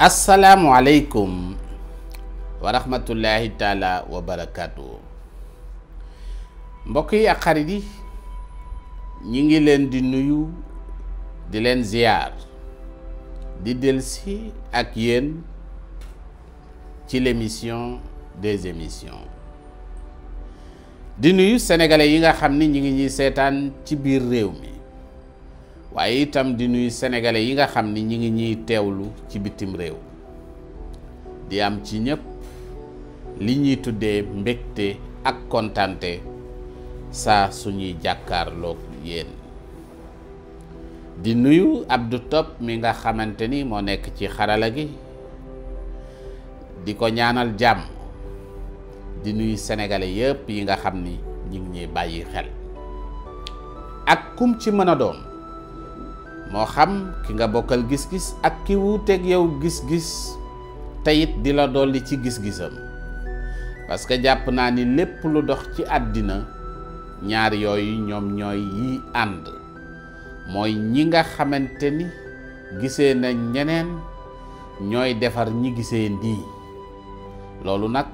asalaamualeykum wa rahmatullahi taala wa barakaatu mbokk yi ak xarit yi ñi ngi leen di nuyu di leen ziyaar di delsi ak yéen ci l'émission des émissions di nuyu sénégalais yi nga xam ni ñi ngi ñuy seetaan ci biir réew mi waaye itam di nuyu sénégalais yi nga xam ni ñi ngi ñuy teewlu ci bitim réew di am ci ñëpp li ñuy tuddee mbégte ak kontante saa suñuy jàkkaarloog yéen di nuyu Abdou Top mi nga xamante ni moo nekk ci xarala gi di ko ñaanal jàmm di nuyu sénégalais yëpp yi nga xam ni ñi ngi ñuy bàyyi xel ak kum ci mën a doon moo xam ki nga bokkal gis-gis ak ki wuuteeg yow gis-gis te it di la dolli ci gis-gisam parce que jàpp naa ni lépp lu dox ci àddina ñaar yooyu ñoom ñooy yi ànd mooy ñi nga xamante ni gisee na ñeneen ñooy defar ñi gisee ndii loolu nag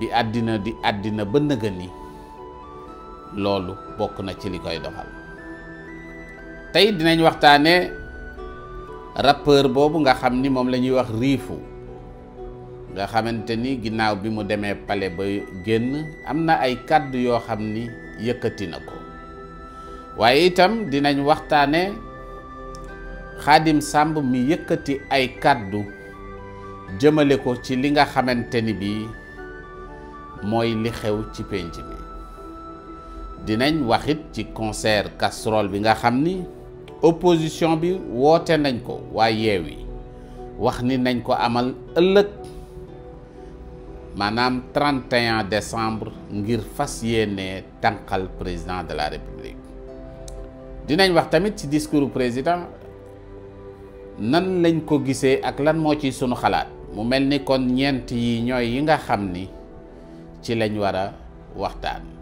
di àddina di àddina ba nëga ni loolu bokk na ci li koy doxal tey dinañ waxtaane rappeur boobu nga xam ni moom lañuy wax riifu nga xamante ni ginnaaw bi mu demee pale ba génn am na ay kàddu yoo xam ni yëkkati na ko waaye itam dinañ waxtaane xaadim sàmb mi yëkkati ay kàddu jëmale ko ci li nga xamante ni bii mooy li xew ci pénc mi dinañ waxit ci concert casserole bi nga xam ni opposition bi woote nañ ko waa Yewwi wax ni nañ ko amal ëllëg maanaam trente 31 décembre ngir fas yéene tànqal président de la république dinañ wax tamit ci discours président nan lañ ko gisee ak lan moo ci sunu xalaat mu mel ni kon ñeent yi ñooy yi nga xam ni ci lañ war a waxtaan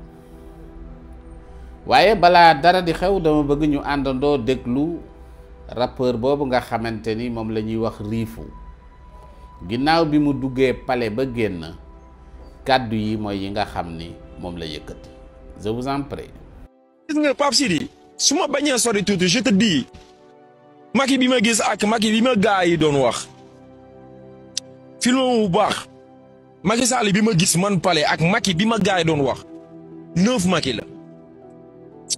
waaye balaa dara di xew dama bëgg ñu àndandoo déglu rappeur boobu nga xamante ni moom la ñuy wax riifu ginnaaw bi mu duggee pale ba génn kàddu yi mooy yi nga xam ni moom la yëkkati je vous nga Pape Sidi su ma bañee sori tuuti je te dis Macky bi ma gis ak Macky bi ma gaa yi doon wax film bu baax Macky Sall bi ma gis man palais ak Macky bi ma gaa yi doon wax neuf Macky la.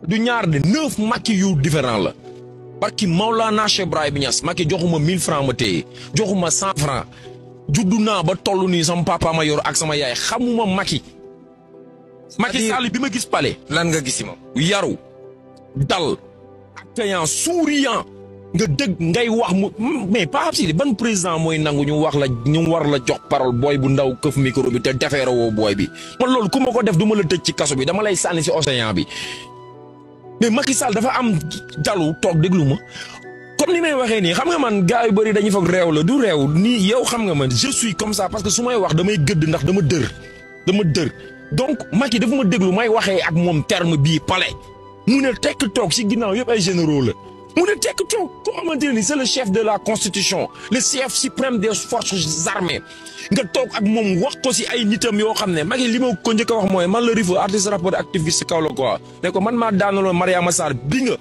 du ñaar de neuf Macky yu différent la barki Maulana Cheikh Ibrahima Niass Macky joxuma mille francs ma téye joxuma cent juddu naa ba toll nii sama papa ma yor ak sama yaay xamuma Macky Macky Sall bi ma gis pale lan nga gis moom yaru dal accueillant souriant nga dëgg ngay wax mu mais Pape Sidi ban président mooy nangu ñu wax la ñu war la jox parole booy bu ndaw këf micro bi te defeere woo booy bi man loolu ku ma ko def du ma la tëj ci kaso bi dama lay sànni si océan bi mais Macky Sall dafa am jalu toog déglu ma comme ni may waxee nii xam nga man gars yu bëri dañuy foog réew la du réew nii yow xam nga man je suis comme ça parce que su may wax damay gëdd ndax dama dër dama dër donc Macky dafa ma déglu may waxee ak moom terme bii pale mu ne tekk toog si ginnaaw yëpp ay généraux la. mu ne tekk coow koo xamante ne ni c'est le chef de la constitution le chef suprême des forces armées nga toog ak moom wax ko si ay nitam yoo xam ne magi li ma ko njëkk a wax mooy man la Rivo artiste rappeur activiste Kaolack quoi ne ko man maa daanaloon Mariama Sarr bi nga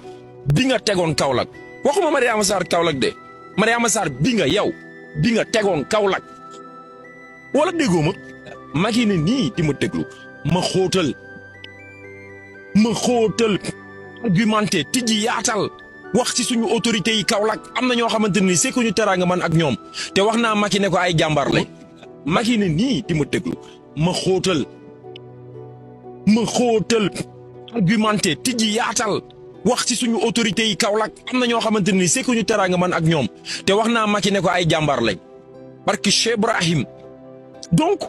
bi nga tegoon Kaolack waxuma Mariama Sarr Kaolack de Mariama Sarr bi nga yow bi nga tegoon Kaolack wala déggoo ma magi ne nii di ma déglu ma xóotal ma xóotal argumenté tijji yaatal wax si suñu autorités yi Kaolack am na ñoo xamante ni sekkuñu teraanga man ak ñoom te wax naa Macky ne ko ay jàmbaar lañ Macky ne nii di ma déglu ma xóotal ma xóotal argumenté tijji yaatal wax ci suñu autorités yi Kaolack am na ñoo xamante ni sekkuñu teraanga man ak ñoom te wax naa Macky ne ko ay jàmbaar lañ barki Cheikh Ibrahim donc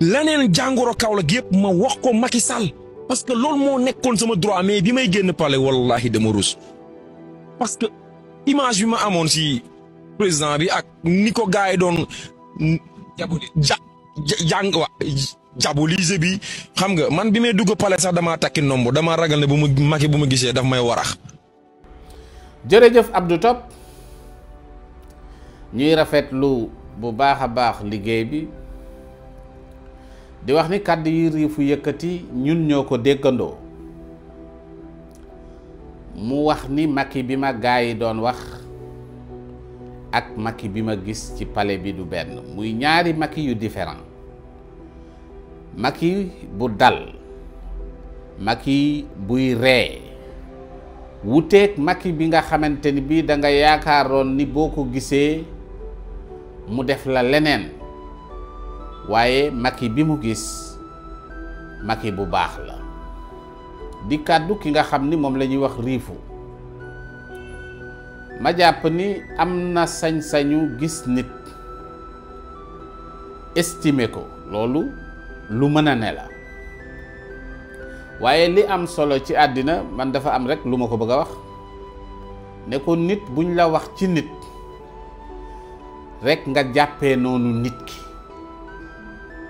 leneen jàngoro Kaolack yëpp ma wax ko Macky Sall parce que loolu moo nekkoon sama droit mais bi may génn palais wallahi dama rus parce que image bi ma amoon si président bi ak ni ko gars yi doon ja jàng wa diaboliser bi xam nga man bi may dugg palais sax damaa takki nombo damaa ragal ne bu ma maki bu ma gisee dafa may warax jërëjëf Abdou Top ñuy rafetlu bu baax a baax liggéey bi di wax ni kàddu yi riifu yëkkati ñun ñoo ko déggandoo mu wax ni Macky bi ma gaa yi doon wax ak Macky bi ma gis ci pale bi du benn muy ñaari Macky yu différent Macky bu dal Macky buy ree wuteeg Macky bi nga xamante ni bii danga yaakaaroon ni boo ko gisee mu def la leneen waaye makki bi mu gis Macky bu baax la di kàddu ki nga xam ni moom lañuy wax riifu ma jàpp ni am na sañ-sañu gis nit estimer ko loolu lu mën a ne la waaye li am solo ci àddina man dafa am rek lu ma ko bëgg a wax ne ko nit buñ la wax ci nit rek nga jàppe noonu nit ki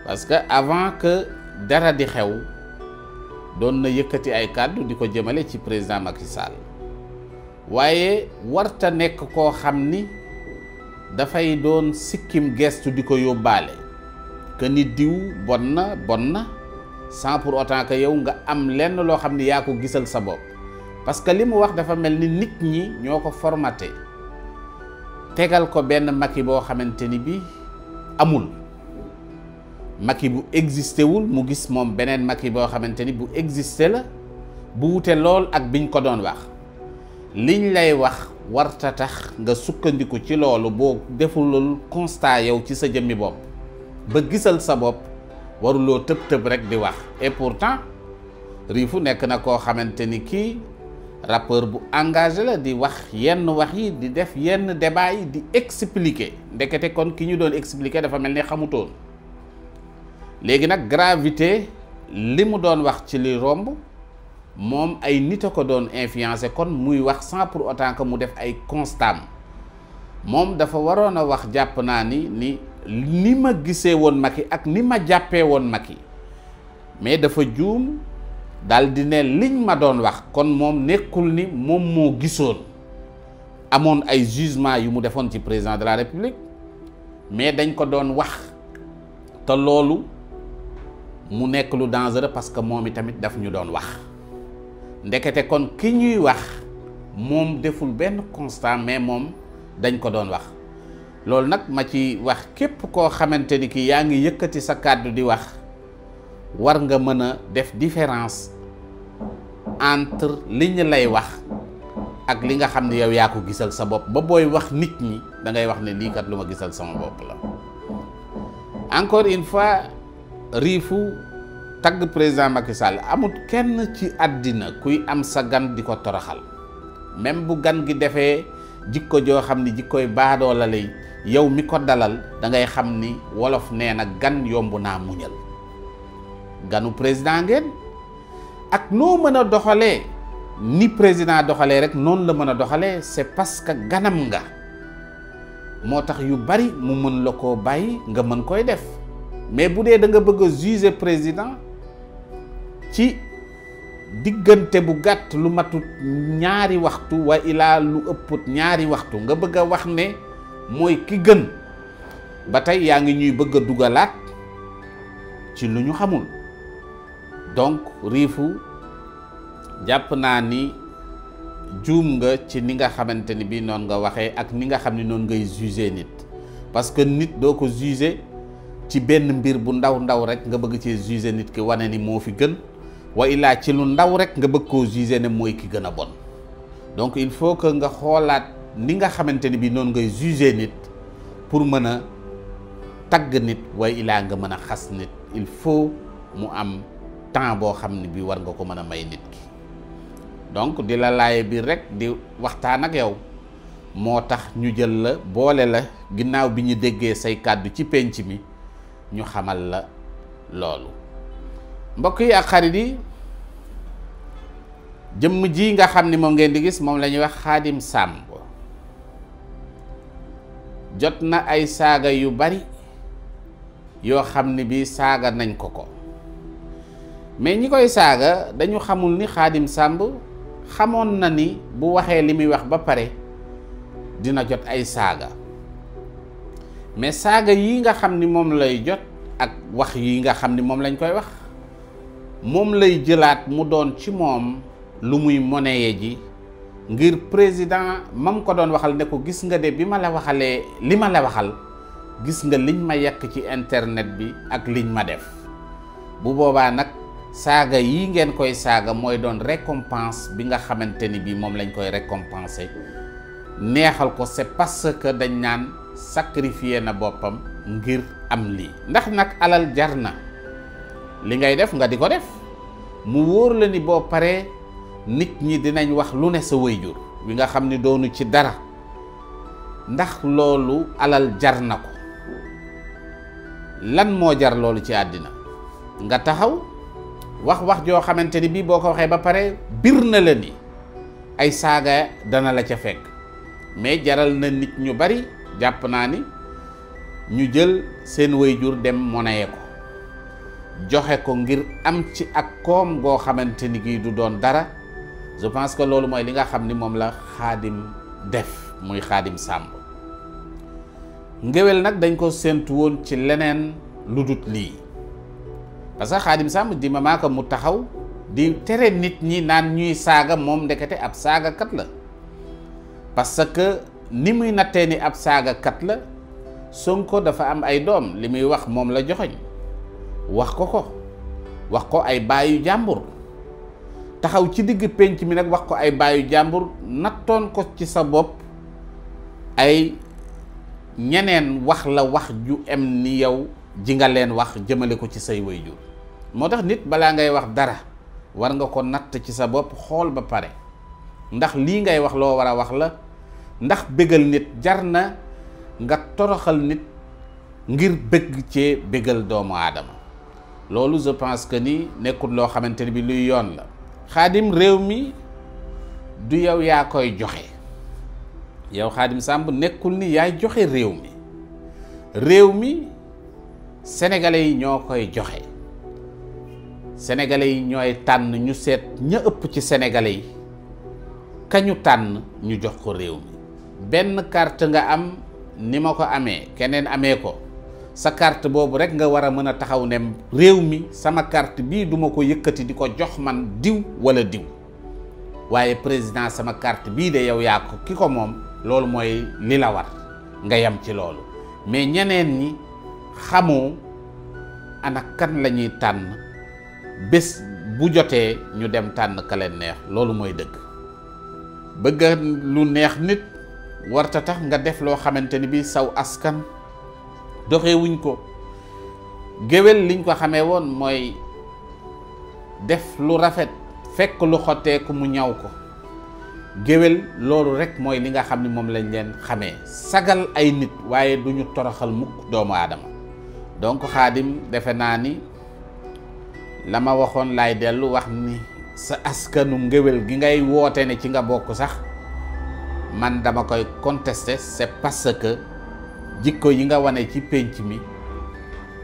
parce que avant que dara di xew doon na yëkkati ay kàddu di ko jëmale ci président Macky Sall waaye warta nekk koo xam ni dafay doon sikkim gestu di ko yóbbaale que ni diw bon na bon na sans pour yow nga am lenn loo xam ni yaa ko gisal sa bopp parce que li mu wax dafa mel ni nit ñi ñoo ko formate tegal ko benn Macky boo xamante ni bi amul Macky bu existé wul mu gis moom beneen Macky boo xamante ni bu existé la bu wute lool ak biñ ko doon wax liñ lay wax warta tax nga sukkandiku ci loolu boo defulul constat yow ci sa jëmmi bopp ba gisal sa bopp waruloo tëb tëb rek di wax et pourtant Riifu nekk na koo xamante ni kii rapport bu engage la di wax yenn wax yi di def yenn débat di expliquer ndekete kon ki ñu doon expliquer dafa mel ni xamutoon. léegi nag gravité li mu doon wax ci li romb moom ay nit a ko doon influencé kon muy wax sans pour autant que mu def ay constat moom dafa waroon a wax jàpp naa ni ni ni ma gisee woon yi ak ni ma jàppee woon yi mais dafa juum daal di ne liñ ma doon wax kon moom nekkul ni moom moo gisoon amoon ay jugement yu mu defoon ci président de la république mais dañ ko doon wax te loolu mu nekk lu dangereux parce que moom itamit daf ñu doon wax ndekete kon ki ñuy wax moom deful benn constat mais moom dañ ko doon wax loolu nag ma ci wax képp koo xamante ni ki yaa ngi yëkkati sa kàddu di wax war nga mën a def différence entre li ñu lay wax ak li nga xam ne yow yaa ko gisal sa bopp ba booy wax nit ñi da ngay wax ne liikat lu ma gisal sama bopp la encore une fois riifu tagg président Macky Sall amul kenn ci àddina kuy am sa gan di ko toroxal même bu gan gi defee jikko joo xam ni jikkooy baadoo la yow mi ko dalal da ngay xam ni wolof nee na gan yomb naa muñal ganu président ngeen ak noo mën a doxalee ni président doxalee rek noonu la mën a doxalee c'est parce que ganam nga moo tax yu bari mu mën la ko bàyyi nga mën koy def mais bu dee da nga bëgg a président ci diggante bu gàtt lu matut ñaari waxtu wa ilaa lu ëpput ñaari waxtu nga bëgg wax ne mooy ki gën ba tey yaa ngi ñuy bëgg a dugalaat ci lu ñu xamul donc riifu jàpp naa ni juum nga ci ni nga xamante ni bii noonu nga waxee ak ni nga xam ne noonu ngay juger nit parce que nit doo ko juger ci benn mbir bu ndaw ndaw rek nga bëgg ci juger nit ki wane ni moo fi gën wa illaa ci lu ndaw rek nga bëgg koo juger ne mooy ki gën a bon donc il faut que nga xoolaat ni nga xamante ni bi noonu ngay juger nit pour mën a tagg nit wa illaa nga mën a xas nit il faut mu am temps boo xam ne bi war nga ko mën a may nit ki donc di lalaaye bi biir rek di waxtaan ak yow moo tax ñu jël la boole la ginnaaw bi ñu déggee say kàddu ci pénc mi ñu xamal la loolu mbokk yi ak xarit yi jëmm ji nga xam ni moom ngeen di gis moom lañuy wax xaadim sàmb jot na ay saaga yu bari yoo xam ni bii saaga nañ ko ko mais ñi koy saaga dañu xamul ni xaadim sàmb xamoon na ni bu waxee li muy wax ba pare dina jot ay saaga mais saaga yi nga xam ni moom lay jot ak wax yi nga xam ni moom lañ koy wax moom lay jëlaat mu doon ci moom lu muy monnaie ji ngir président ma mam ko doon waxal ne ko gis nga de bi ma la waxalee li ma la waxal gis nga liñ ma yekk ci internet bi ak liñ ma def bu boobaa nag saaga yi ngeen koy saaga mooy doon récompense bi nga xamante ni bii moom lañ koy récompenser neexal ko c'est parce que dañ naan sacrifier na boppam ngir am lii ndax nag alal jar na li ngay def nga di ko def mu wóor la ni boo paree nit ñi dinañ wax lu ne sa wayjur wi nga xam ni doonu ci dara ndax loolu alal jar na ko lan moo jar loolu ci àddina nga taxaw wax wax joo xamante ni bii boo ko waxee ba pare bir na la ni ay saaga dana la ca fekk mais jaral na nit ñu bari jàpp naa ni ñu jël seen jur dem monnaie ko joxe ko ngir am ci ak koom goo xamante ni gii du doon dara je pense que loolu mooy li nga xam ni moom la xaadim def muy xaadim sàmb ngéwél nag dañ ko séentu woon ci leneen lu dut lii parce que xaadim sàmb di ma mu taxaw di tere nit ñi naan ñuy saaga moom ndekete ab saagakat la parce ni muy nattee ni ab saagakat la Sonko dafa am ay doom li muy wax moom la joxoñ wax ko ko wax ko ay baayu jàmbur taxaw ci digg pénc mi nag wax ko ay baayu jàmbur nattoon ko ci sa bopp ay ñeneen wax la wax ju em ni yow ji nga leen wax jëmale ko ci say waajur moo tax nit balaa ngay wax dara war nga ko natt ci sa bopp xool ba pare ndax lii ngay wax loo war a wax la ndax bégal nit jar na nga toroxal nit ngir bëgg ci bégal doomu aadama loolu je pense que ni nekkul loo xamante ni bi luy yoon la xaadim réew mi du yow yaa koy joxe yow xaadim sàmb nekkul ni yaay joxe réew mi réew mi sénégalais yi ñoo koy joxe sénégalais yi ñooy tànn ñu seet ña ëpp ci sénégalais yi kañu tànn ñu jox ko réew mi benn kart nga am ni ma ko amee keneen amee ko sa carte boobu rek nga war a mën a taxaw ne réew mi sama carte bii duma ko yëkkati di ko jox man diw wala diw waaye président sama carte bii de yow yaa ko ki ko moom loolu mooy li la war nga yem ci loolu mais ñeneen ñi xamoo ana kan la tànn bés bu jotee ñu dem tànn ka leen neex loolu mooy dëgg bëgg lu neex nit warta tax nga def loo xamante ni bi saw askan doxewuñ ko géwél liñ ko xamee woon mooy def lu rafet fekk lu xotteeku mu ñaw ko géwél loolu rek mooy li nga xam ni moom lañ leen xame sagal ay nit waaye duñu toroxal mukk doomu aadama donc xaadim defe naa ni la waxoon laay dellu wax ni sa askanu ngéwél gi ngay woote ne ci nga bokk sax man dama koy conteste c'est parce que jikko yi nga wane ci pénc mi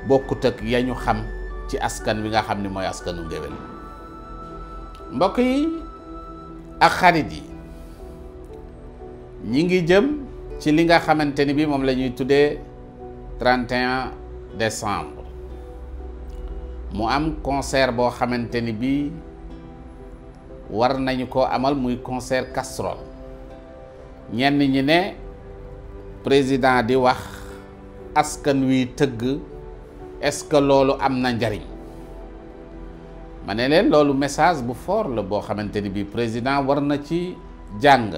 bokkut ak ya ñu xam ci askan bi nga xam ni mooy askanu ngéwél mbokk yi ak xarit yi ñi ngi jëm ci li nga xamante ni bi moom la ñuy tuddee 31 décembre mu am concert boo xamante ni bi war nañu ko amal muy concert casserole ñenn ñi ne président di wax askan wi tëgg est-ce que loolu am na njariñ ma ne leen loolu message bu fort la boo xamante ni bii président war na ci jàng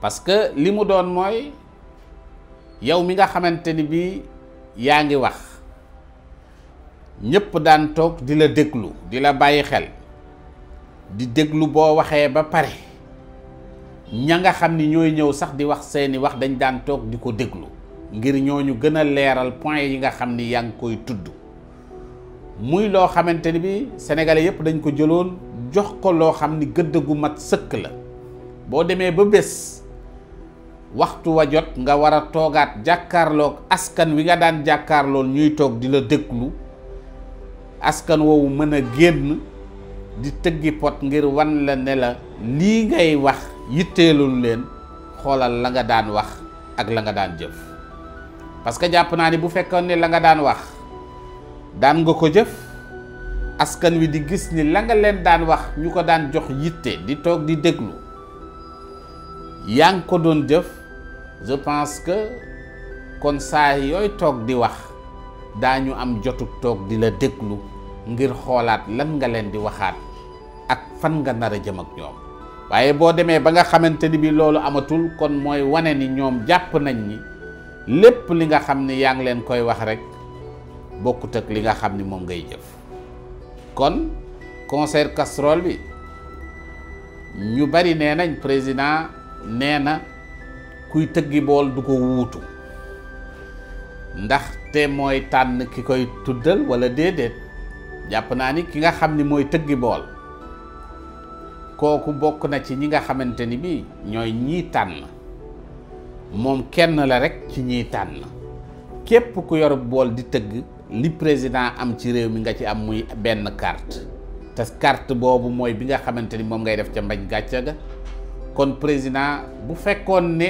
parce que li mu doon mooy yow mi nga xamante ni bii yaa ngi wax ñépp daan toog di la déglu di la bàyyi xel di déglu boo waxee ba pare ña nga xam ni ñooy ñëw sax di wax seeni wax dañ daan toog di ko déglu ngir ñooñu gën a leeral point yi nga xam ni yaa ngi koy tudd muy loo xamante ni bi sénégalais yëpp dañ ko jëloon jox ko loo xam ni gëdd gu mat sëkk la boo demee ba bés waxtu wa jot nga war a toogaat jàkkaarloog askan wi nga daan jàkkaarlool ñuy toog di la déglu askan woowu mën a génn di tëggi pot ngir wan la ne la lii ngay wax yitteelul leen xoolal la nga daan wax ak la nga daan jëf parce que jàpp naa ni bu fekkoon ne la nga daan wax daan nga ko jëf askan wi di gis ni la nga leen daan wax ñu ko daan jox yitte di toog di déglu yaa ngi ko doon jëf je pense que kon saa yooy toog di wax daañu am jotug toog di la dëglu ngir xoolaat lan nga leen di waxaat ak fan nga nar a jëm ak ñoom waaye boo demee ba nga xamante ni bi loolu amatul kon mooy wane ni ñoom jàpp nañ ni lépp li nga xam ni yaa ngi leen koy wax rek bokkut ak li nga xam ni moom ngay jëf kon concert casserole bi ñu bari nee nañ président nee na kuy tëggi bool du ko wuutu ndaxte mooy tànn ki koy tuddal walla déedéet jàpp naa ni ki nga xam ni mooy tëggi bool kooku bokk na ci ñi nga xamante ni bii ñooy ñii tànn moom kenn la rek ci ñii tànn képp ku yor bool di tëgg li président am ci réew mi nga ci am muy benn carte te carte boobu mooy bi nga xamante ni moom ngay def ca mbañ gàcce ga kon président bu fekkoon ne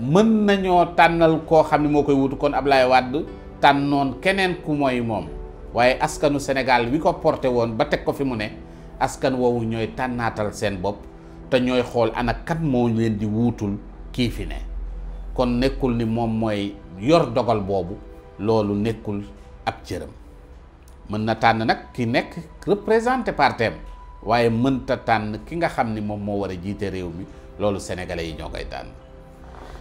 mën nañoo tànnal koo xam ne moo koy wutu kon Ablaye Wade tànnoon keneen ku mooy moom waaye askanu Sénégal wi ko porté woon ba teg ko fi mu ne askan woowu ñooy tànnaatal seen bopp te ñooy xool ana kat moo leen di wuutul kii fi ne kon nekkul ni moom mooy yor dogal boobu loolu nekkul ab cëram mën na tànn nag ki nekk représenté partem waaye mënta tànn ki nga xam ni moom moo war a jiite réew mi loolu sénégalais yi ñoo koy tànn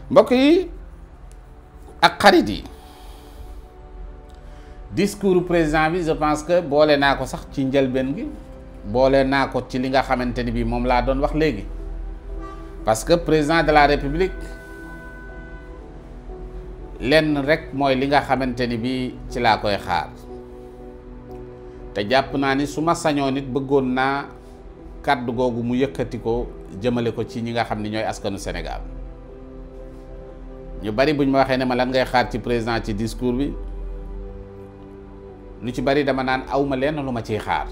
mbokk yi ak xarit yi discours président bi je pense que boole naa ko sax ci njëlbeen gi boole naa ko ci li nga xamante ni bii moom laa doon wax léegi parce que président de la république lenn rek mooy li nga xamante ni bii ci laa koy xaar te jàpp naa ni su ma sañoo nit bëggoon naa kàddu googu mu yëkkati ko jëmale ko ci ñi nga xam ni ñooy askanu Sénégal ñu bari buñ ma waxee ne ma lan ngay xaar ci président ci discours bi lu ci bari dama naan awma lenn lu ma ciy xaar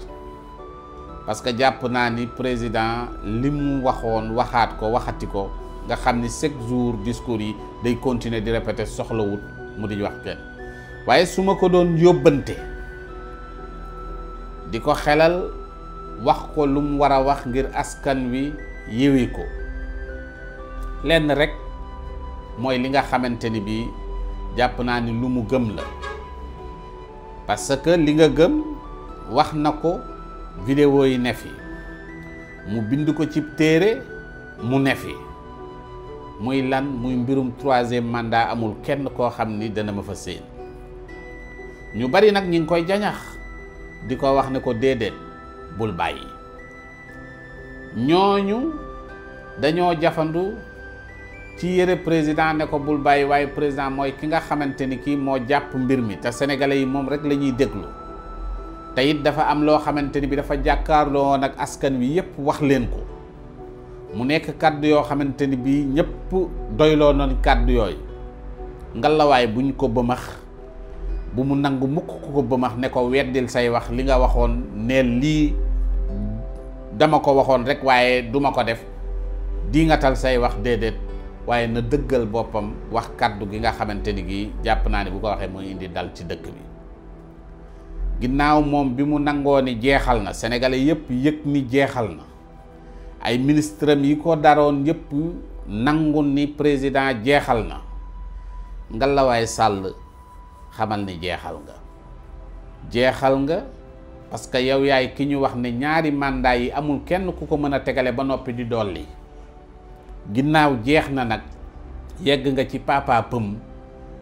parce que jàpp naa ni président li mu waxoon waxaat ko waxati ko nga xam ni chaque jour discours yi day continuer di répéter soxlawut mu di wax kenn waaye su ma ko doon yóbbante di ko xelal wax ko lu mu war a wax ngir askan wi yéwee ko lenn rek mooy li nga xamante ni bii jàpp naa ni lu mu gëm la parce que li nga gëm wax na ko. vidéo yi ne fi mu bind ko ci téere mu ne fi muy lan muy mbirum troisième mandat amul kenn koo xam ni dana ma fa séen ñu bari nag ñi ngi koy jañax di ko wax ne ko déedéet bul bàyyi ñooñu dañoo jafandu ci yëre président ne ko bul bàyyi waaye président mooy ki nga xamante ni kii moo jàpp mbir mi te sénégalais yi moom rek la ñuy déglu te dafa am loo xamante ni bi dafa jàkkaarloo nag askan wi yëpp wax leen ko mu nekk kàddu yoo xamante ni bi ñëpp doyloo noon kàddu yooyu ngalawaay buñ ko bëmax bu mu nangu mukk ku ko bëmax ne ko weddil say wax li nga waxoon neel lii dama ko waxoon rek waaye duma ko def di nga tal say wax déedéet waaye na dëggal boppam wax kàddu gi nga xamante ni gi jàpp naa ne bu ko waxee mooy indi dal ci dëkk bi ginnaaw moom bi mu nangoo ni jeexal na sénégalais yëpp yëg ni jeexal na ay ministre am yi ko daroon yëpp nangu ni président jeexal na nga sàll xamal ni jeexal nga jeexal nga parce que yow yaay ki ñu wax ne ñaari mandat yi amul kenn ku ko mën a tegale ba noppi di dolli ginnaaw jeex na nag yegg nga ci papa pëm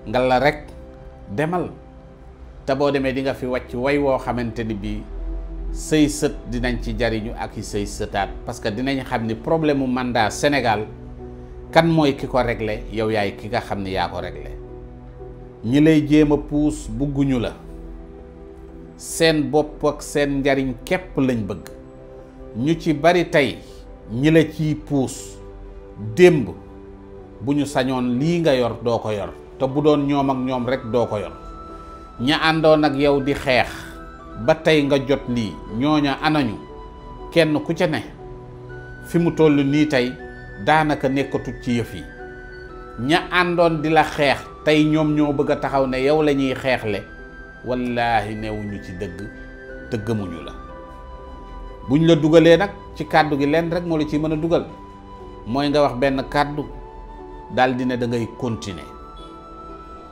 nga la rekk demal te boo demee di nga fi wàcc way woo xamante ni bii say sët dinañ ci jariñu ak i say sëtaat parce que dinañ xam ni problème mu mandat Sénégal kan mooy ki ko regle yow yaay ki nga xam ni yaa ko réglé ñi lay jéem a puus bugguñu la seen bopp ak seen njariñ képp lañ bëgg ñu ci bari tey ñi la ciy puus démb bu ñu sañoon lii nga yor doo ko yor te bu doon ñoom ak ñoom rek doo ko yor ña àndoon ak yow di xeex ba tey nga jot lii ñooña anañu kenn ku ca ne fi mu toll nii tey daanaka nekkatut ci yëf yi ña àndoon di la xeex tey ñoom ñoo bëgg a taxaw ne yow lañuy xeexle wallaahi newuñu ci dëgg te gëmuñu la buñ la dugalee nag ci kàddu gi leen rek moo la ciy mën a dugal mooy nga wax benn kàddu daldi ne dangay ngay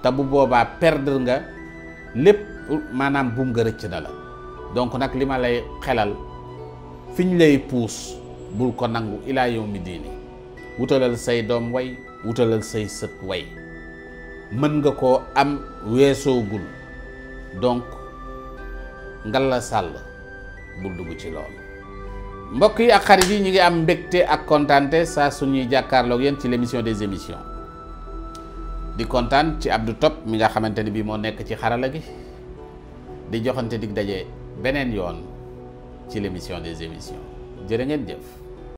te bu boobaa perdre nga lépp maanaam buum nga rëcc na la donc nag li ma lay xelal fiñ lay puus bul ko nangu ilaa yow mi diini wutalal say doom way wutalal say sët way mën nga koo am weesoogul donc la sàll bul dugg ci loolu mbokk yi ak xarit yi ñu ngi am mbégte ak kontaante saa suñuy jàkkaarloog yéen ci l'émission des émissions di kontaan ci Abdou Top mi nga xamante ni bii moo nekk ci xarala gi di joxante dig daje beneen yoon ci l'émission des émissions jërë ngeen jëf